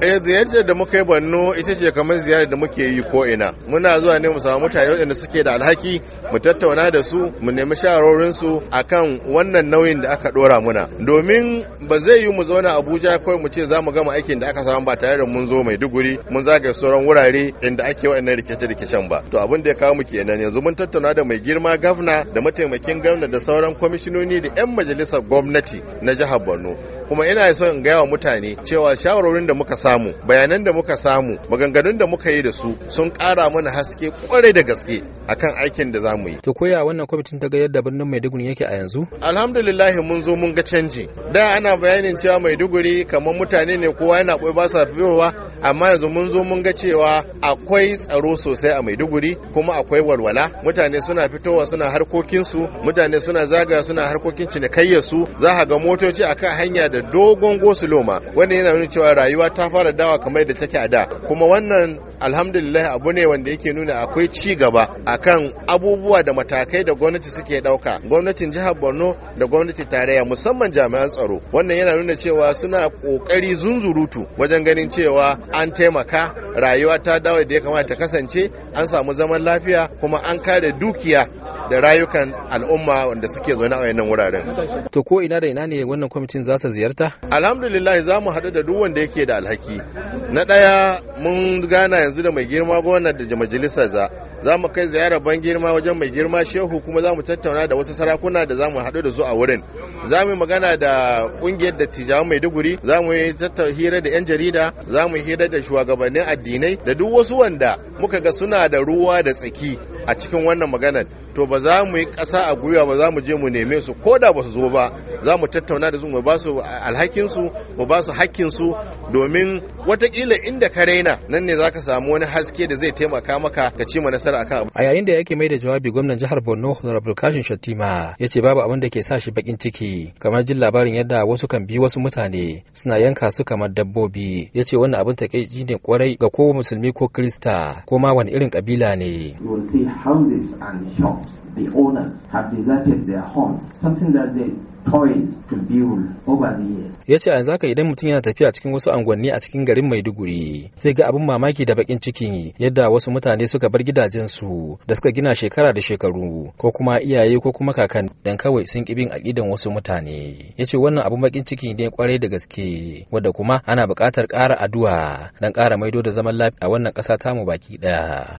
eh ziyartar da muka yi banno ita ce kamar ziyarar da muke yi ko ina muna zuwa ne mu samu mutane waɗanda suke da alhaki mu tattauna da su mu nemi shawarorin su akan wannan nauyin da aka dora muna domin ba zai yi mu zauna Abuja kawai mu ce za mu gama aikin da aka samu ba tare da mun zo mai Maiduguri mun zagaya sauran wurare inda ake waɗannan rikice-rikicen ba to abin da ya kawo mu kenan yanzu mun tattauna da mai girma gafna da mataimakin gwamna da sauran kwamishinoni da 'yan majalisar gwamnati na jihar Borno kuma ina so in gaya wa mutane cewa shawarorin da muka samu bayanan da muka samu maganganun da muka yi da su sun ƙara mana haske kwarai da gaske akan aikin da za mu yi to koya wannan kwamitin ta ga yadda birnin maiduguri yake a yanzu alhamdulillah mun zo mun ga canji da ana bayanin cewa maiduguri kamar mutane ne kowa yana koyi ba sa fiyowa amma yanzu mun zo mun ga cewa akwai tsaro sosai a maiduguri kuma akwai walwala mutane suna fitowa suna harkokinsu mutane suna zagaya suna harkokin cinikayyarsu za ga motoci akan hanya da da dogon gosuloma wanda yana nuna cewa rayuwa ta fara dawa kamar da take a da kuma wannan alhamdulillah abu ne wanda yake nuna akwai ci gaba akan abubuwa da matakai da gwamnati suke dauka gwamnatin jihar Borno da gwamnati tarayya musamman jami'an tsaro wannan yana nuna cewa suna kokari zunzurutu wajen ganin cewa an taimaka rayuwa ta dawa da ya kamata ta kasance an samu zaman lafiya kuma an kare dukiya da rayukan al'umma wanda suke zaune a wannan wuraren. To ko ina da ina ne wannan kwamitin za ta ziyarta? Alhamdulillah za mu haɗu da duk wanda yake da alhaki. Na ɗaya mun gana yanzu da mai girma gwamnati da majalisar za. Za mu kai ziyarar ban girma wajen mai girma shehu kuma za mu tattauna da wasu sarakuna da za mu haɗu da su a wurin. Za mu magana da ƙungiyar dattijawan Maiduguri, za mu yi hira da 'yan jarida, za mu hira da shugabannin addinai da duk wasu wanda muka ga suna da ruwa da tsaki a cikin wannan maganar to ba za mu yi ƙasa a gwiwa ba za mu je mu neme su ko da ba su zo ba za mu tattauna da su mu ba su alhakinsu mu ba su hakkinsu domin watakila inda ka raina nan ne za ka samu wani haske da zai taimaka maka ka cima nasara a kan a yayin da yake mai da jawabi gwamnan jihar borno honorable kashin shattima ya ce babu abin da ke sa shi bakin ciki kamar jin labarin yadda wasu kan bi wasu mutane suna yanka su kamar dabbobi ya ce wannan abin takaici ne kwarai ga ko musulmi ko kirista ko ma wani irin kabila ne. You will see houses and shops the owners have deserted their homes, something that they ya ce yanzu haka idan mutum yana tafiya cikin wasu angwanni a cikin garin maiduguri sai ga abin mamaki da bakin ciki yadda wasu mutane suka bar gidajensu da suka gina shekara da shekaru ko kuma iyaye ko kuma kakan dan kawai sun kibin akidan wasu mutane ya ce wannan abin bakin ciki ne kwarai da gaske wadda kuma ana buƙatar ƙara addu'a dan ƙara maido da zaman lafiya a wannan ƙasa tamu baki ɗaya